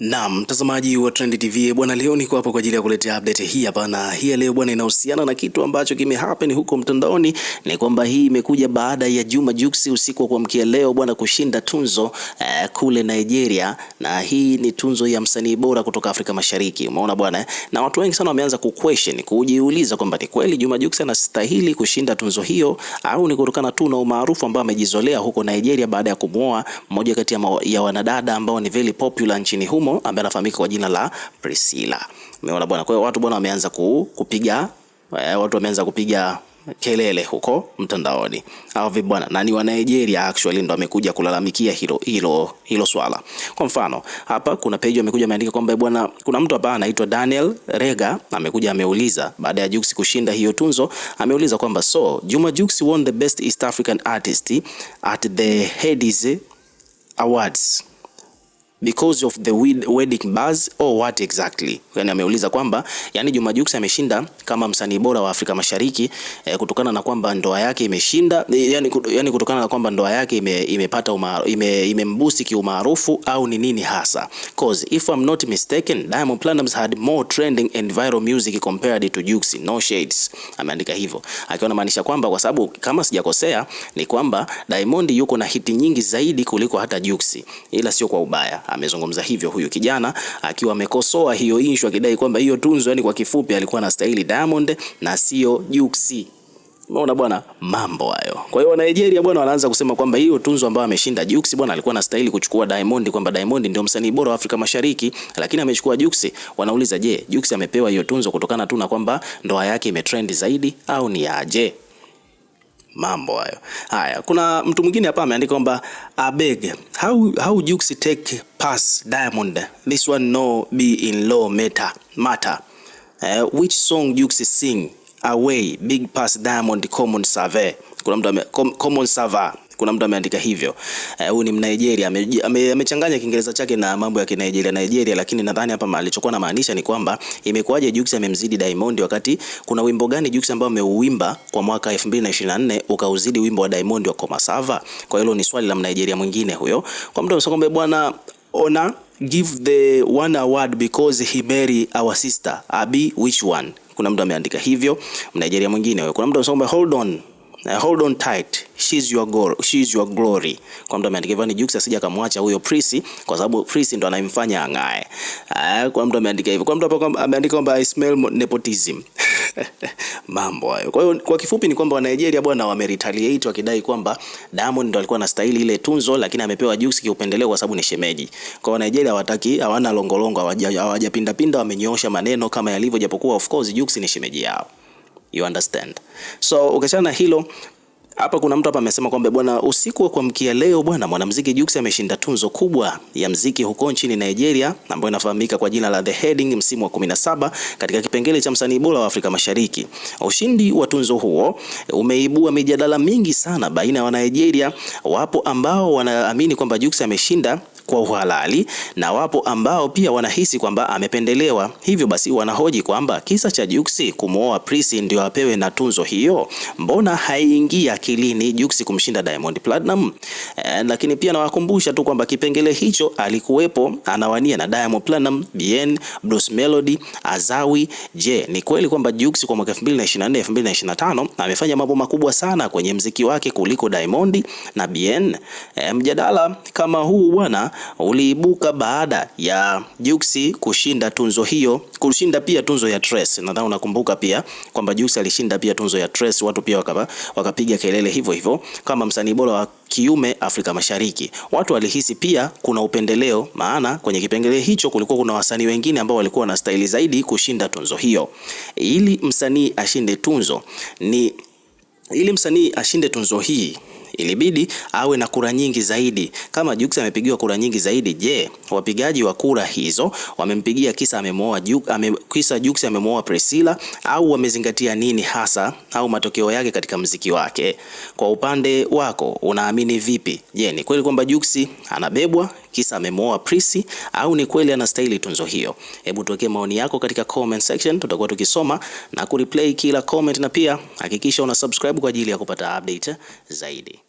Na mtazamaji wa Trend TV bwana, leo niko hapa kwa ajili ya kuletea update hii hapa, na hii leo bwana, inahusiana na kitu ambacho kimehappen huko mtandaoni. Ni kwamba hii imekuja baada ya Juma Jux usiku wa kuamkia leo bwana kushinda tunzo eh, kule Nigeria, na hii ni tunzo ya msanii bora kutoka Afrika Mashariki, umeona bwana, eh? na watu wengi sana wameanza ku question kujiuliza kwamba ni kweli Juma Jux anastahili kushinda tunzo hiyo au ni kutokana tu na umaarufu ambao amejizolea huko Nigeria baada ya kumwoa mmoja kati ya wanadada ambao ni very popular nchini humo Omo ambaye anafahamika kwa jina la Priscilla. Umeona bwana, kwa hiyo watu bwana wameanza kupiga eh, watu wameanza kupiga kelele huko mtandaoni hao vipi bwana? Na ni wa Nigeria actually ndo amekuja kulalamikia hilo hilo hilo swala. Kwa mfano, hapa kuna page amekuja ameandika kwamba eh, bwana, kuna mtu hapa anaitwa Daniel Rega amekuja ameuliza, baada ya Jux kushinda hiyo tunzo, ameuliza kwamba so Juma Jux won the best East African artist at the Headies Awards because of the wedding buzz or what exactly? Yani ameuliza kwamba yani Juma Jux ameshinda kama msanii bora wa Afrika Mashariki eh, kutokana na kwamba ndoa yake imeshinda eh, yani, yani kutokana na kwamba ndoa yake ime, imepata imembusi ime, kiumaarufu au ni nini hasa? Cause if I'm not mistaken Diamond Platnumz had more trending and viral music compared to Jux, no shades. Ameandika hivyo akiwa anamaanisha kwamba kwa sababu kama sijakosea ni kwamba Diamond yuko na hiti nyingi zaidi kuliko hata Jux, ila sio kwa ubaya Amezungumza hivyo huyu kijana akiwa amekosoa hiyo issue akidai kwamba hiyo tunzo, yani kwa kifupi, alikuwa anastahili Diamond na sio Jux. Umeona bwana, mambo hayo. Kwa hiyo Nigeria bwana wanaanza kusema kwamba hiyo tunzo ambayo ameshinda Jux bwana alikuwa anastahili kuchukua Diamond, kwamba Diamond ndio msanii bora wa Afrika Mashariki, lakini amechukua Jux. Wanauliza, je, Jux amepewa hiyo tunzo kutokana tu na kwamba ndoa yake imetrend zaidi au ni aje? Mambo hayo haya. Kuna mtu mwingine hapa ameandika kwamba abeg how how Jux take pass Diamond this one no be in law matter matter uh, which song Jux sing away big pass Diamond common save Kuna mtu common survey kuna mtu ameandika hivyo. Eh, huyu uh, ni Mnigeria amechanganya ame ame Kiingereza chake na mambo ya Kinigeria Nigeria, lakini nadhani hapa alichokuwa na maanisha ni kwamba imekuwaje Jux amemzidi Diamond, wakati kuna wimbo gani Jux ambao ameuimba kwa mwaka 2024 ukauzidi wimbo wa Diamond wa Koma Sava? Kwa hilo ni swali la Mnigeria mwingine huyo. Kwa mtu amesema bwana ona give the one award because he marry our sister abi which one? Kuna mtu ameandika hivyo Mnigeria mwingine huyo. Kuna mtu amesema hold on, eh, hold on tight she's your goal, she's your glory. Kwa mtu ameandika hivyo ni Jux asija kamwacha huyo Prisi kwa sababu Prisi ndo anamfanya ang'ae. Ah, kwa mtu ameandika hivyo. Kwa mtu hapo ameandika kwamba I smell nepotism. Mambo hayo. Kwa hiyo kwa kifupi ni kwamba wa Nigeria bwana retaliate wakidai kwamba Diamond ndo alikuwa anastahili ile tunzo lakini amepewa Jux kiupendeleo kwa sababu ni shemeji. Kwa hiyo Nigeria hawataki, hawana longolongo, hawajapinda pinda, wamenyoosha maneno kama yalivyo japokuwa of course Jux ni shemeji yao. You understand. So ukiachana na hilo hapa kuna mtu hapa amesema kwamba bwana, usiku wa kuamkia leo bwana, mwanamuziki Jux ameshinda tunzo kubwa ya mziki huko nchini Nigeria ambayo inafahamika kwa jina la The Heading msimu wa 17 katika kipengele cha msanii bora wa Afrika Mashariki. Ushindi wa tunzo huo umeibua mijadala mingi sana baina ya Wanigeria, wapo ambao wanaamini kwamba Jux ameshinda kwa uhalali na wapo ambao pia wanahisi kwamba amependelewa, hivyo basi wanahoji kwamba kisa cha Jux kumwoa Prisi ndio apewe na tunzo hiyo, mbona haiingia akilini Jux kumshinda Diamond Platinum? E, lakini pia nawakumbusha tu kwamba kipengele hicho alikuwepo anawania na Diamond Platinum, Bien, Bruce Melody, Azawi. Je, ni kweli kwamba Jux kwa mwaka 2024 2025 amefanya mambo makubwa sana kwenye mziki wake kuliko Diamond na Bien? E, mjadala kama huu bwana uliibuka baada ya Jux kushinda tunzo hiyo, kushinda pia tunzo ya Trace. Nadhani unakumbuka pia kwamba Jux alishinda pia tunzo ya Trace, watu pia wakapa, wakapiga kelele hivyo hivyo kama msanii bora wa kiume Afrika Mashariki. Watu walihisi pia kuna upendeleo, maana kwenye kipengele hicho kulikuwa kuna wasanii wengine ambao walikuwa na staili zaidi kushinda tunzo hiyo. Ili msanii ashinde tunzo ni ili msanii ashinde tunzo hii ilibidi awe na kura nyingi zaidi. Kama Jux amepigiwa kura nyingi zaidi, je, wapigaji wa kura hizo wamempigia kisa amemwoa Jux, ame, kisa Jux amemwoa Priscilla au wamezingatia nini hasa au matokeo yake katika mziki wake? Kwa upande wako unaamini vipi? Je, ni kweli kwamba Jux anabebwa kisa amemwoa Prisi au ni kweli anastahili tunzo hiyo? Hebu tuwekee maoni yako katika comment section, tutakuwa tukisoma na kureplay kila comment, na pia hakikisha una subscribe kwa ajili ya kupata update zaidi.